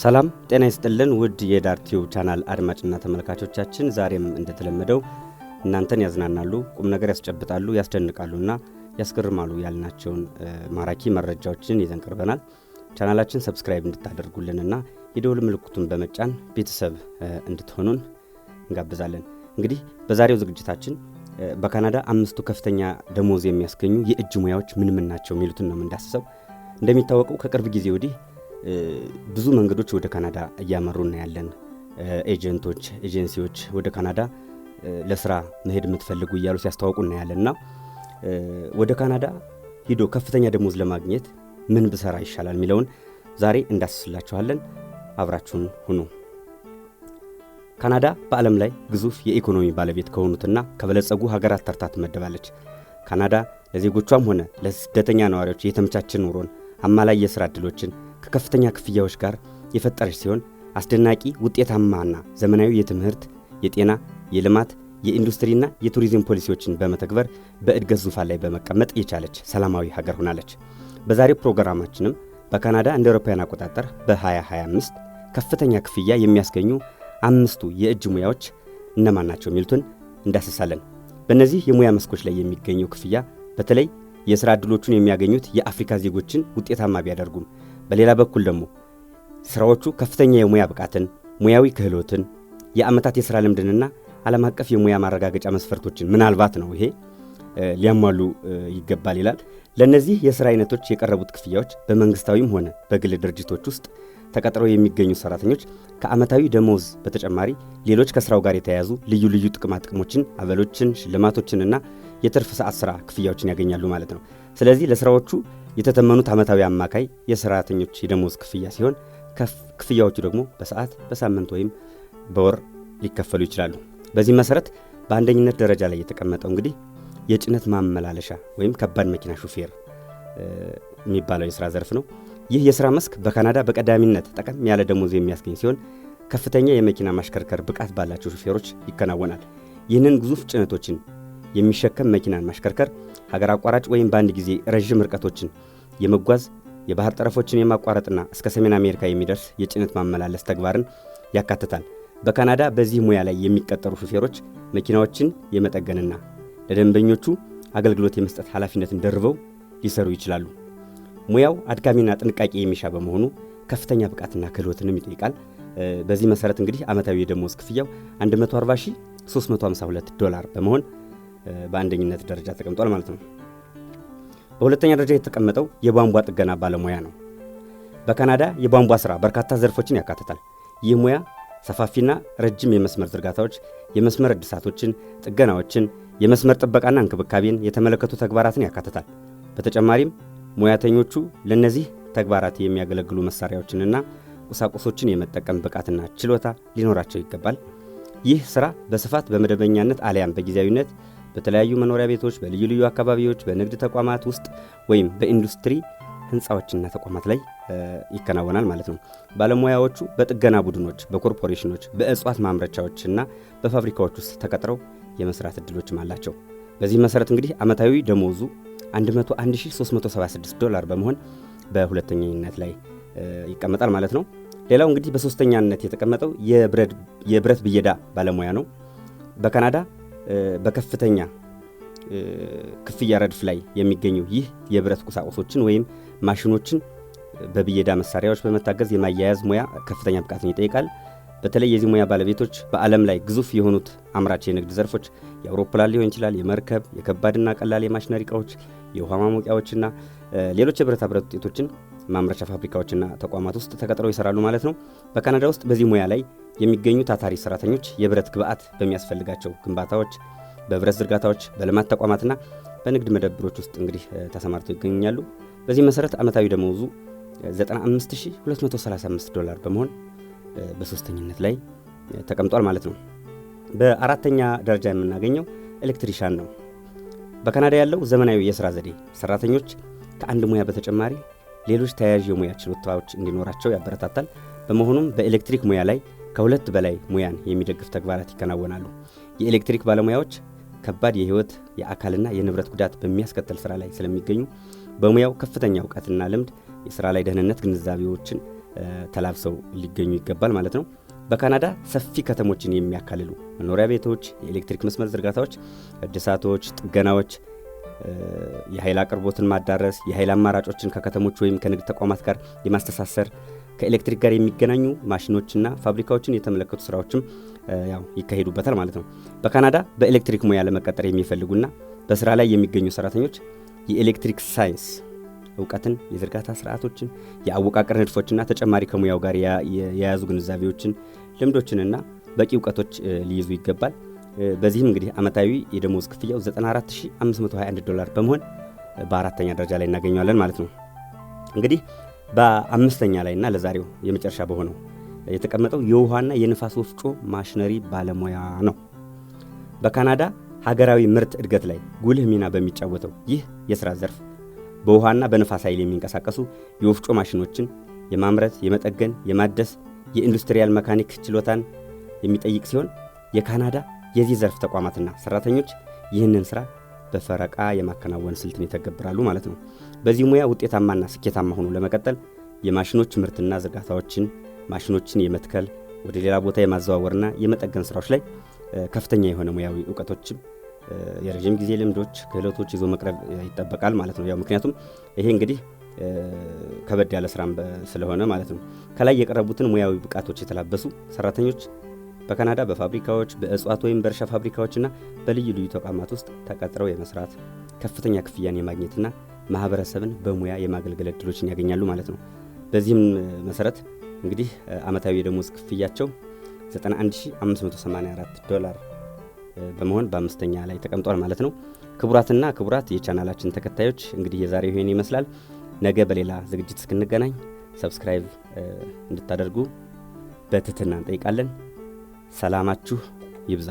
ሰላም ጤና ይስጥልን ውድ የዳር ቻናል አድማጭና ተመልካቾቻችን፣ ዛሬም እንደተለመደው እናንተን ያዝናናሉ፣ ቁም ነገር ያስጨብጣሉ፣ ያስደንቃሉና ያስገርማሉ ያልናቸውን ማራኪ መረጃዎችን ይዘን ቀርበናል። ቻናላችን ሰብስክራይብ እንድታደርጉልንና የደውል ምልክቱን በመጫን ቤተሰብ እንድትሆኑን እንጋብዛለን። እንግዲህ በዛሬው ዝግጅታችን በካናዳ አምስቱ ከፍተኛ ደሞዝ የሚያስገኙ የእጅ ሙያዎች ምን ምን ናቸው የሚሉትን ነው እንዳስሰው እንደሚታወቀው ከቅርብ ጊዜ ወዲህ ብዙ መንገዶች ወደ ካናዳ እያመሩ ያለን ኤጀንቶች፣ ኤጀንሲዎች ወደ ካናዳ ለስራ መሄድ የምትፈልጉ እያሉ ሲያስተዋውቁ እናያለን እና ወደ ካናዳ ሂዶ ከፍተኛ ደሞዝ ለማግኘት ምን ብሰራ ይሻላል የሚለውን ዛሬ እንዳስስላችኋለን። አብራችሁን ሁኑ። ካናዳ በዓለም ላይ ግዙፍ የኢኮኖሚ ባለቤት ከሆኑትና ከበለጸጉ ሀገራት ተርታ ትመደባለች። ካናዳ ለዜጎቿም ሆነ ለስደተኛ ነዋሪዎች የተመቻቸ ኑሮን፣ አማላይ የሥራ ዕድሎችን ከከፍተኛ ክፍያዎች ጋር የፈጠረች ሲሆን አስደናቂ ውጤታማና ዘመናዊ የትምህርት፣ የጤና፣ የልማት፣ የኢንዱስትሪና የቱሪዝም ፖሊሲዎችን በመተግበር በእድገት ዙፋን ላይ በመቀመጥ የቻለች ሰላማዊ ሀገር ሆናለች። በዛሬው ፕሮግራማችንም በካናዳ እንደ አውሮፓውያን አቆጣጠር በ2025 ከፍተኛ ክፍያ የሚያስገኙ አምስቱ የእጅ ሙያዎች እነማን ናቸው የሚሉትን እንዳስሳለን። በእነዚህ የሙያ መስኮች ላይ የሚገኘው ክፍያ በተለይ የሥራ ዕድሎቹን የሚያገኙት የአፍሪካ ዜጎችን ውጤታማ ቢያደርጉም በሌላ በኩል ደግሞ ስራዎቹ ከፍተኛ የሙያ ብቃትን፣ ሙያዊ ክህሎትን፣ የአመታት የስራ ልምድንና ዓለም አቀፍ የሙያ ማረጋገጫ መስፈርቶችን ምናልባት ነው ይሄ ሊያሟሉ ይገባል ይላል። ለእነዚህ የስራ አይነቶች የቀረቡት ክፍያዎች በመንግስታዊም ሆነ በግል ድርጅቶች ውስጥ ተቀጥረው የሚገኙ ሰራተኞች ከአመታዊ ደሞዝ በተጨማሪ ሌሎች ከስራው ጋር የተያያዙ ልዩ ልዩ ጥቅማጥቅሞችን አበሎችን፣ ሽልማቶችንና የትርፍ ሰዓት ስራ ክፍያዎችን ያገኛሉ ማለት ነው። ስለዚህ ለስራዎቹ የተተመኑት ዓመታዊ አማካይ የሰራተኞች የደሞዝ ክፍያ ሲሆን ክፍያዎቹ ደግሞ በሰዓት፣ በሳምንት ወይም በወር ሊከፈሉ ይችላሉ። በዚህ መሰረት በአንደኝነት ደረጃ ላይ የተቀመጠው እንግዲህ የጭነት ማመላለሻ ወይም ከባድ መኪና ሹፌር የሚባለው የስራ ዘርፍ ነው። ይህ የስራ መስክ በካናዳ በቀዳሚነት ጠቀም ያለ ደሞዝ የሚያስገኝ ሲሆን ከፍተኛ የመኪና ማሽከርከር ብቃት ባላቸው ሹፌሮች ይከናወናል። ይህንን ግዙፍ ጭነቶችን የሚሸከም መኪናን ማሽከርከር ሀገር አቋራጭ ወይም በአንድ ጊዜ ረዥም ርቀቶችን የመጓዝ የባህር ጠረፎችን የማቋረጥና እስከ ሰሜን አሜሪካ የሚደርስ የጭነት ማመላለስ ተግባርን ያካትታል። በካናዳ በዚህ ሙያ ላይ የሚቀጠሩ ሹፌሮች መኪናዎችን የመጠገንና ለደንበኞቹ አገልግሎት የመስጠት ኃላፊነትን ደርበው ሊሰሩ ይችላሉ። ሙያው አድካሚና ጥንቃቄ የሚሻ በመሆኑ ከፍተኛ ብቃትና ክህሎትንም ይጠይቃል። በዚህ መሰረት እንግዲህ ዓመታዊ የደሞዝ ክፍያው 140,352 ዶላር በመሆን በአንደኝነት ደረጃ ተቀምጧል ማለት ነው። በሁለተኛ ደረጃ የተቀመጠው የቧንቧ ጥገና ባለሙያ ነው። በካናዳ የቧንቧ ስራ በርካታ ዘርፎችን ያካትታል። ይህ ሙያ ሰፋፊና ረጅም የመስመር ዝርጋታዎች፣ የመስመር እድሳቶችን፣ ጥገናዎችን፣ የመስመር ጥበቃና እንክብካቤን የተመለከቱ ተግባራትን ያካትታል። በተጨማሪም ሙያተኞቹ ለእነዚህ ተግባራት የሚያገለግሉ መሳሪያዎችንና ቁሳቁሶችን የመጠቀም ብቃትና ችሎታ ሊኖራቸው ይገባል። ይህ ስራ በስፋት በመደበኛነት አሊያም በጊዜያዊነት በተለያዩ መኖሪያ ቤቶች፣ በልዩ ልዩ አካባቢዎች፣ በንግድ ተቋማት ውስጥ ወይም በኢንዱስትሪ ህንፃዎችና ተቋማት ላይ ይከናወናል ማለት ነው። ባለሙያዎቹ በጥገና ቡድኖች፣ በኮርፖሬሽኖች፣ በእጽዋት ማምረቻዎችና በፋብሪካዎች ውስጥ ተቀጥረው የመስራት እድሎችም አላቸው። በዚህ መሰረት እንግዲህ ዓመታዊ ደሞዙ 101376 ዶላር በመሆን በሁለተኛነት ላይ ይቀመጣል ማለት ነው። ሌላው እንግዲህ በሶስተኛነት የተቀመጠው የብረት ብየዳ ባለሙያ ነው። በካናዳ በከፍተኛ ክፍያ ረድፍ ላይ የሚገኘው ይህ የብረት ቁሳቁሶችን ወይም ማሽኖችን በብየዳ መሳሪያዎች በመታገዝ የማያያዝ ሙያ ከፍተኛ ብቃትን ይጠይቃል። በተለይ የዚህ ሙያ ባለቤቶች በዓለም ላይ ግዙፍ የሆኑት አምራች የንግድ ዘርፎች የአውሮፕላን ሊሆን ይችላል፣ የመርከብ የከባድና ቀላል የማሽነሪ እቃዎች፣ የውሃ ማሞቂያዎችና ሌሎች የብረታ ብረት ውጤቶችን ማምረቻ ፋብሪካዎችና ተቋማት ውስጥ ተቀጥረው ይሰራሉ ማለት ነው። በካናዳ ውስጥ በዚህ ሙያ ላይ የሚገኙ ታታሪ ሰራተኞች የብረት ግብዓት በሚያስፈልጋቸው ግንባታዎች፣ በብረት ዝርጋታዎች፣ በልማት ተቋማትና በንግድ መደብሮች ውስጥ እንግዲህ ተሰማርተው ይገኛሉ። በዚህ መሰረት ዓመታዊ ደመወዙ 95235 ዶላር በመሆን በሶስተኝነት ላይ ተቀምጧል ማለት ነው። በአራተኛ ደረጃ የምናገኘው ኤሌክትሪሻን ነው። በካናዳ ያለው ዘመናዊ የሥራ ዘዴ ሰራተኞች ከአንድ ሙያ በተጨማሪ ሌሎች ተያያዥ የሙያ ችሎታዎች እንዲኖራቸው ያበረታታል። በመሆኑም በኤሌክትሪክ ሙያ ላይ ከሁለት በላይ ሙያን የሚደግፍ ተግባራት ይከናወናሉ። የኤሌክትሪክ ባለሙያዎች ከባድ የህይወት የአካልና የንብረት ጉዳት በሚያስከተል ስራ ላይ ስለሚገኙ በሙያው ከፍተኛ እውቀትና ልምድ፣ የስራ ላይ ደህንነት ግንዛቤዎችን ተላብሰው ሊገኙ ይገባል ማለት ነው። በካናዳ ሰፊ ከተሞችን የሚያካልሉ መኖሪያ ቤቶች፣ የኤሌክትሪክ መስመር ዝርጋታዎች፣ እድሳቶች፣ ጥገናዎች የኃይል አቅርቦትን ማዳረስ፣ የኃይል አማራጮችን ከከተሞች ወይም ከንግድ ተቋማት ጋር የማስተሳሰር ከኤሌክትሪክ ጋር የሚገናኙ ማሽኖችና ፋብሪካዎችን የተመለከቱ ስራዎችም ያው ይካሄዱበታል ማለት ነው። በካናዳ በኤሌክትሪክ ሙያ ለመቀጠር የሚፈልጉና በስራ ላይ የሚገኙ ሰራተኞች የኤሌክትሪክ ሳይንስ እውቀትን፣ የዝርጋታ ስርዓቶችን፣ የአወቃቀር ንድፎችና ተጨማሪ ከሙያው ጋር የያዙ ግንዛቤዎችን፣ ልምዶችንና በቂ እውቀቶች ሊይዙ ይገባል። በዚህም እንግዲህ ዓመታዊ የደሞዝ ክፍያው 94521 ዶላር በመሆን በአራተኛ ደረጃ ላይ እናገኘዋለን ማለት ነው። እንግዲህ በአምስተኛ ላይ ለዛሬው የመጨረሻ በሆነው የተቀመጠው የውሃና የንፋስ ወፍጮ ማሽነሪ ባለሙያ ነው። በካናዳ ሀገራዊ ምርት እድገት ላይ ጉልህ ሚና በሚጫወተው ይህ የሥራ ዘርፍ በውሃና በንፋስ ኃይል የሚንቀሳቀሱ የወፍጮ ማሽኖችን የማምረት፣ የመጠገን፣ የማደስ የኢንዱስትሪያል መካኒክ ችሎታን የሚጠይቅ ሲሆን የካናዳ የዚህ ዘርፍ ተቋማትና ሰራተኞች ይህንን ስራ በፈረቃ የማከናወን ስልትን ይተገብራሉ ማለት ነው። በዚህ ሙያ ውጤታማና ስኬታማ ሆኖ ለመቀጠል የማሽኖች ምርትና ዝርጋታዎችን፣ ማሽኖችን የመትከል ወደ ሌላ ቦታ የማዘዋወርና የመጠገን ስራዎች ላይ ከፍተኛ የሆነ ሙያዊ እውቀቶችም የረዥም ጊዜ ልምዶች፣ ክህሎቶች ይዞ መቅረብ ይጠበቃል ማለት ነው። ያው ምክንያቱም ይሄ እንግዲህ ከበድ ያለ ስራም ስለሆነ ማለት ነው። ከላይ የቀረቡትን ሙያዊ ብቃቶች የተላበሱ ሰራተኞች በካናዳ በፋብሪካዎች በእጽዋት ወይም በእርሻ ፋብሪካዎችና በልዩ ልዩ ተቋማት ውስጥ ተቀጥረው የመስራት ከፍተኛ ክፍያን የማግኘትና ማህበረሰብን በሙያ የማገልገል እድሎችን ያገኛሉ ማለት ነው። በዚህም መሰረት እንግዲህ አመታዊ የደሞዝ ክፍያቸው 91584 ዶላር በመሆን በአምስተኛ ላይ ተቀምጧል ማለት ነው። ክቡራትና ክቡራት የቻናላችን ተከታዮች እንግዲህ የዛሬ ይሄን ይመስላል። ነገ በሌላ ዝግጅት እስክንገናኝ ሰብስክራይብ እንድታደርጉ በትህትና እንጠይቃለን። ሰላማችሁ ይብዛ።